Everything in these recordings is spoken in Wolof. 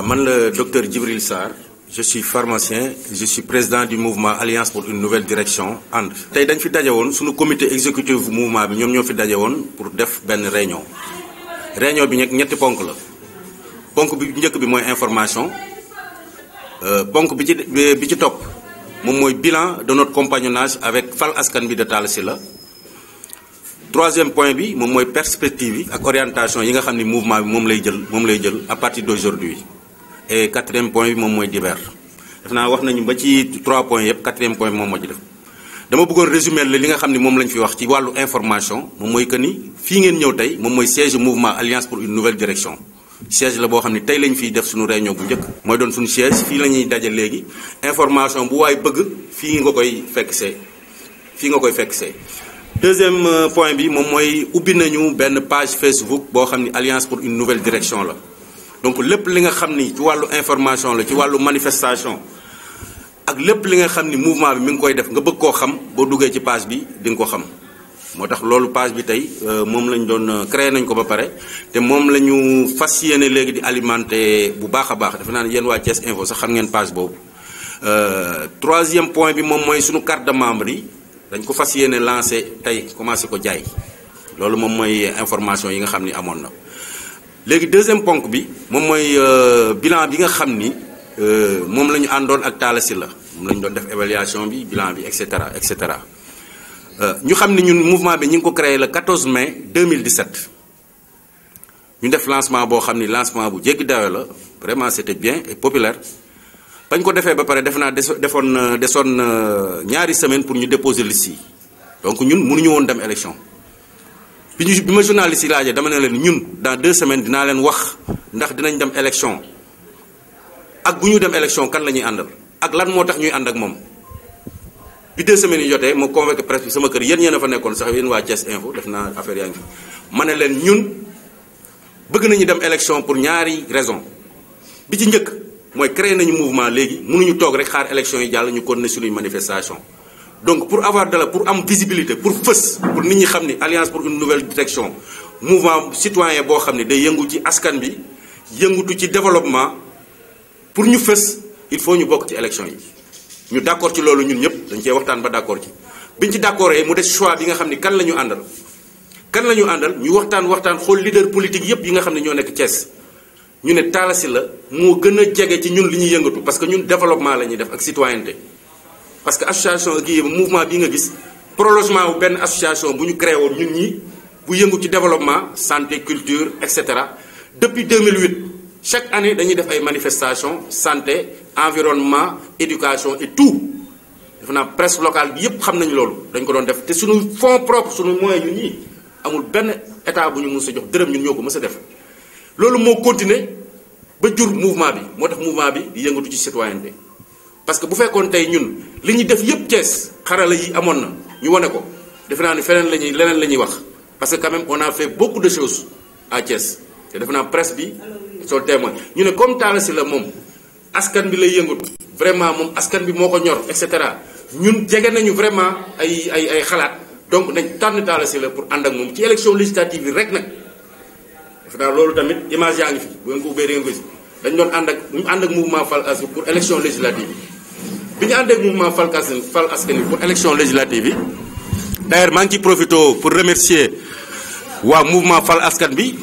Je man le docteur Djibril Sarr, je suis pharmacien, je suis président du mouvement Alliance pour une nouvelle direction Je Tay dañ fi comité exécutif du mouvement bi ñom ñoo fi pour def Ben réunion réunion bi très ñetti ponk la ponk bi njëkk bi moy information euh, ponk bi ci ci top bilan de notre compagnonnage avec Fal Askan bi de Talisila troisième point bi moom moy perspective ak orientation yi nga mouvement bi à partir d'aujourd'hui et quatrième point bi moom mooy divers def naa wax nañu ba ci trois points yëpp quatrième point bi moom moo ci def dama bëggoon résumer li nga xam ne moom lañ fi wax ci wàllu information moom mooy que ni fii ngeen ñëw tey moom mooy siège mouvement alliance pour une nouvelle direction siège la boo xam ne tey lañ fiy def suñu réunion bu njëkk mooy doon suñu siège fii la ñuy daje léegi information bu waay bëgg fii nga koy fekk see fii nga koy fekk see deuxième euh, point bi moom mooy ubbi nañu benn page Facebook boo xam alliance pour une nouvelle direction la donc lepp li nga xamni ci walu information la ci walu manifestation ak lepp li nga xamni mouvement bi mi ngi koy def nga bëgg ko xam bo duggé ci page bi di nga ko xam motax lolu page bi tay euh, mom lañ doon euh, créer nañ ko ba paré té mom lañu fasiyéné légui di alimenter bu baaxa baax defe naa yeen wa ties Info sax xam ngeen page boobu euh, troisième point bi mom moy suñu carte de membre yi dañ ko fasiyéné lancer tay commencé ko jaay lolu mom moy information yi nga xamni amon na léegi deuxième ponk bi moom mooy euh, bilan bi nga xamni euh mom lañu andone ak talasi la ñu doon def évaluation bi bilan bi etc etc euh ñu xamni ñun mouvement bi ñu ko créé le 14 mai 2017 ñu def lancement bo xamni lancement bu jéggi dayo la vraiment c'était bien et populaire bañ ko défé ba pare def défon defoon euh, desoon euh, ñaari semaine pour ñu déposer liste donc ñun ñu won dem élection biñu ñu bi ma journaliste yi laajee dama ne leen ñun dans deux semaines dinaa leen wax ndax dinañ dem élection ak bu ñu dem élection kan la ñuy àndal ak lan moo tax ñuy ànd ak moom. bi deux semaines yi jotee ma convoqué presse bi sama kër yéen ñee na fa nekkoon sax yéen waa Thiès Info def naa affaire yaa ngi fi ma ne leen ñun bëgg nañu dem élection pour ñaari raison bi ci njëkk mooy créer nañu mouvement léegi mënuñu toog rek xaar élection yi jàll ñu continuer suñuy manifestation donc pour avoir de la pour am visibilité pour fës pour nit ñi xamni alliance pour une nouvelle direction mouvement citoyen bo xamni day yëngu ci askan bi yëngutu ci développement pour ñu fës il faut ñu bok ci élection yi ñu d'accord ci loolu ñun ñëpp dañ cee waxtaan ba d'accord, ci biñ ci d'accordé mu des choix bi nga xamni kan lañu andal kan lañu andal ñu waxtaan waxtaan xol leader politique yépp yi nga xamni ne ñoo nekk Thiès ñu ne talasi la moo gën a jege ci ñun li ñuy yëngatu parce que ñun développement la ñuy def ak citoyenneté parce que association est mouvement bi nga gis prolongement de l'association association bu ñu créé won ñun ñi bu yëngu développement santé culture etc. depuis 2008 chaque année dañuy def ay manifestations santé environnement éducation et tout La na presse locale bi yëpp xam nañu loolu dañ ko doon def te suñu fonds propre suñu moyens ñun ñi amul un état bu ñu a jox dërëm ñun ñoko mësa def loolu moo continuer ba jur mouvement bi moo mouvement bi di yëngatu ci citoyenneté parce que bu fekkoon tey ñun li ñu def yépp Thiès xarala yi amoon na ñu wane ko defe naa ni feneen la ñuy leneen la ñuy wax parce que quand même on a fait beaucoup de choses à Thiès te defe naa presse bi soo témoin ñu ne comme Talla Sylla moom askan bi lay yëngatu vraiment moom askan bi moo ko ñor et cetera ñun jege nañu vraiment ay ay ay xalaat donc nañ tànn Talla Sylla pour ànd ak moom ci élection législative yi rek nag defe naa loolu tamit image yaa ngi fi bu ngeen ko ubbee da ngeen ko dañ doon ànd ak ànd ak mouvement Fal Askan pour élection législative bi ñu ak mouvement Fal Askan Fal Askan pour élection législative yi d'ailleurs maa ngi ciy profité pour remercier waa mouvement Fal Askan bi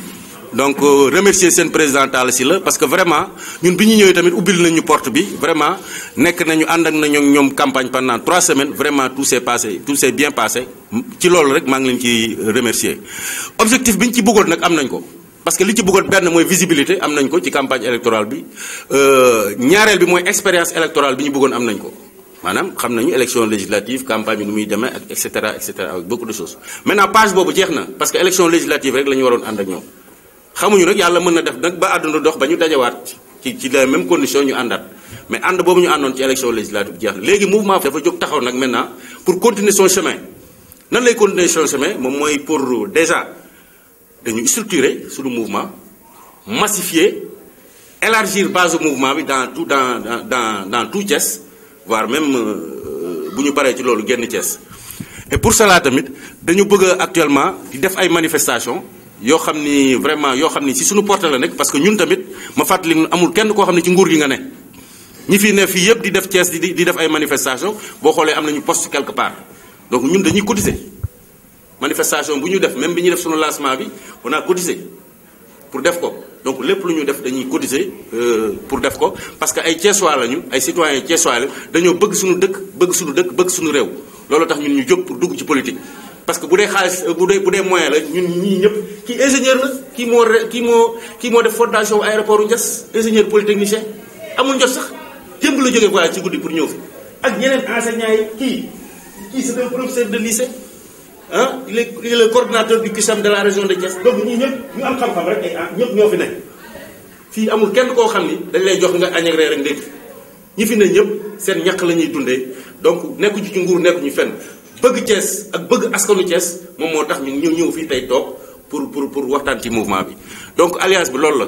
donc euh, remercier seen président Talla parce que vraiment ñun bi ñu ñëwee tamit ubbil nañu porte bi vraiment nekk nañu ànd ak nañu ñoom campagne pendant trois semaines vraiment tout s'est passé tout s'est bien passé ci loolu rek maa ngi leen ci remercier objectif bi ñu ci bëggoon nag am nañ ko parce que li ci bëggoon ben moy visibilité am nañ ko ci campagne électorale bi euh, ñaareel bi moy expérience électorale bi ñu bëggoon am nañ ko manam xam nañu élection législative campagne bi nu muy demee ak et cetera et cetera beaucoup de choses maintenant page bobu jeexna na parce que élection législative rek lañu waron and ak ñom xamuñu nag yalla mëna na def nak ba àdduna dox ba ñu dajawaat ci ci les mêmes conditions ñu andat mais and bobu ñu àndoon ci élection législative jeex légui mouvement dafa jóg taxaw nak maintenant pour continuer son chemin nan lay continuer son chemin mom moy pour déjà dañu structurer le mouvement massifier élargir base du mouvement dans tout dans dans dans tout Thiès voire même euh, bu ñu paree ci loolu génn Thiès et pour cela tamit dañu bëgg actuellement di def ay manifestations Yo xamni ni vraiment yo xamni ni si suñu porte la nek, parce que ñun tamit ma fàttali amul kenn ko xamni ci nguur gi nga ne ñi fi ne fi yépp di def Thiès di di def ay manifestations bo xolé am ñu poste quelque part donc ñun dañuy cotiser manifestation bu def même def lancement on a cotisé pour def ko donc lépp lu def dañuy cotiser euh, pour def ko parce que ay citoyens bëgg suñu dëkk bëgg suñu dëkk bëgg suñu tax ñun ñu pour dugg politique. parce que bu dee xaalis bu dee la ñun ñëpp ingénieur la polytechnicien sax la ci pour c'est un professeur de lycée. Hein? il est le coordinateur du de la région de Thiès donc nous, ñu am xam-xam rek fi amul kenn dañ lay jox nga donc nekku ci nguur nekku ñu fenn bëgg Thiès ak bëgg askanu Thiès moom moo ñu ñëw ñëw fii pour pour pour waxtaan mouvement bi. donc alliance bi loolu la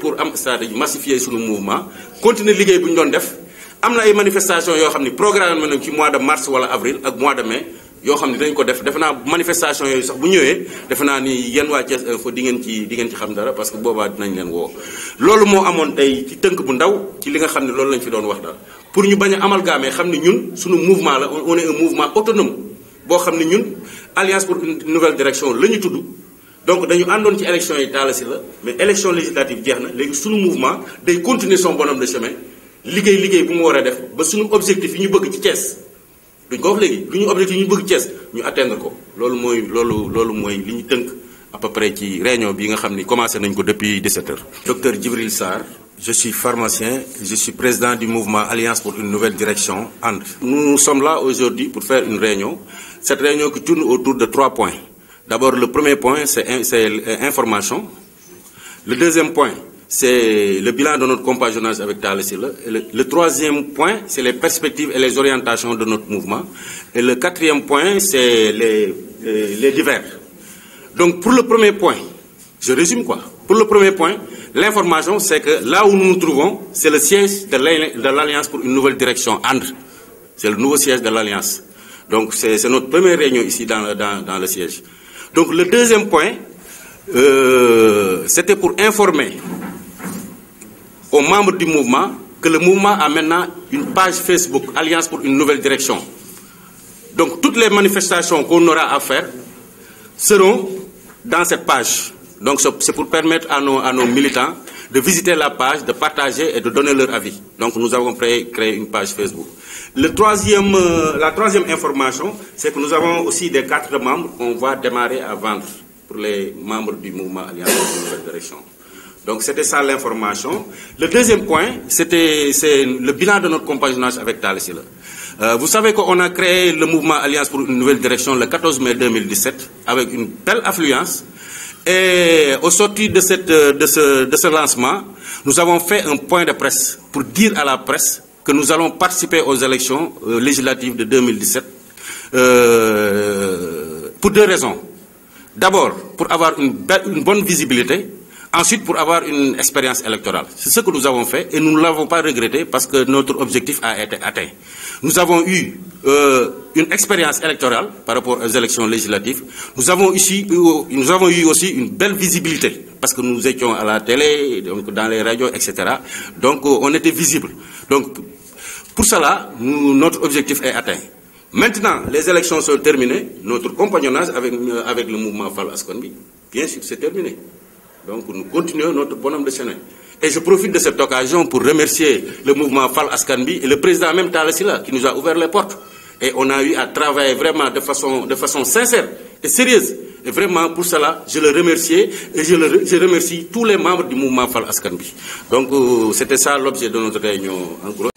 pour am stratégie massifier suñu mouvement continuer liggéey bu doon def am ay manifestations programme ci mois de mars wala avril ak mois de mai yo xamni dañ ko def defe naa manifestation yoy sax bu ñëwé defe naa ni yenn wa Thiès fa di ngeen ci di ngeen ci xam dara parce que boba dinañ leen wo loolu mo amone tay ci teunk bu ndaw ci li nga xamni ne loolu lañ fi doon wax daal pour ñu baña a amalgamé xam ñun suñu mouvement la on est un mouvement autonome bo xamni ñun alliance pour une nouvelle direction lañu tuddu donc dañu àndoon ci élection yi taalasi la mais élection législative jeexna na suñu mouvement day continuer son bonhomme de chemin liggéey liggéey bu mu war a def ba suñu objectif yi ñu bëgg ci Thiès duñ ko wax léegi lu ñu objectif ñu bëgg Thiès ñu atteindre ko loolu mooy loolu loolu mooy li ñu tënk à peu près ci réunion bi nga xam ni commencé nañ ko depuis 17 h docteur Djibril Sarr je suis pharmacien je suis président du mouvement Alliance pour une nouvelle direction nous sommes là aujourd'hui pour faire une réunion cette réunion qui tourne autour de trois points d'abord le premier point c'est c'est l'information le deuxième point c'est le bilan de notre compagnonnage avec Thales. Le, le troisième point, c'est les perspectives et les orientations de notre mouvement. Et le quatrième point, c'est les, euh, les divers. Donc pour le premier point, je résume quoi Pour le premier point, l'information, c'est que là où nous nous trouvons, c'est le siège de l'Alliance pour une nouvelle direction, Andre. C'est le nouveau siège de l'Alliance. Donc c'est notre première réunion ici dans, dans, le siège. Donc le deuxième point, euh, c'était pour informer aux membres du mouvement que le mouvement a maintenant une page Facebook, Alliance pour une nouvelle direction. Donc toutes les manifestations qu'on aura à faire seront dans cette page. Donc c'est pour permettre à nos, à nos militants de visiter la page, de partager et de donner leur avis. Donc nous avons créé, une page Facebook. Le troisième, euh, la troisième information, c'est que nous avons aussi des quatre membres qu'on va démarrer à vendre pour les membres du mouvement Alliance pour une nouvelle direction. Donc c'était ça l'information. Le deuxième point, c'était c'est le bilan de notre compagnonnage avec Thalesila. Euh, vous savez qu'on a créé le mouvement Alliance pour une nouvelle direction le 14 mai 2017 avec une belle affluence. Et au sorti de, cette, euh, de, ce, lancement, nous avons fait un point de presse pour dire à la presse que nous allons participer aux élections euh, législatives de 2017 pour deux raisons. D'abord, pour avoir une bonne visibilité Ensuite, pour avoir une expérience électorale, c'est ce que nous avons fait et nous ne l'avons pas regretté parce que notre objectif a été atteint. Nous avons eu euh, une expérience électorale par rapport aux élections législatives. Nous avons, eu aussi une belle visibilité parce que nous étions à la télé, dans les radios, etc. Donc euh, on était visible. Donc pour cela, notre objectif est atteint. Maintenant, les élections sont terminées. Notre compagnonnage avec, euh, le mouvement FALASKONBI, bien sûr, c'est terminé. Donc nous continuons notre bonhomme de chemin. Et je profite de cette occasion pour remercier le mouvement Fal Askanbi et le président même Talasila qui nous a ouvert les portes. Et on a eu à travailler vraiment de façon, de façon sincère et sérieuse. Et vraiment, pour cela, je le remercie et je, remercie tous les membres du mouvement Fal Askanbi. Donc, euh, c'était ça l'objet de notre réunion en gros.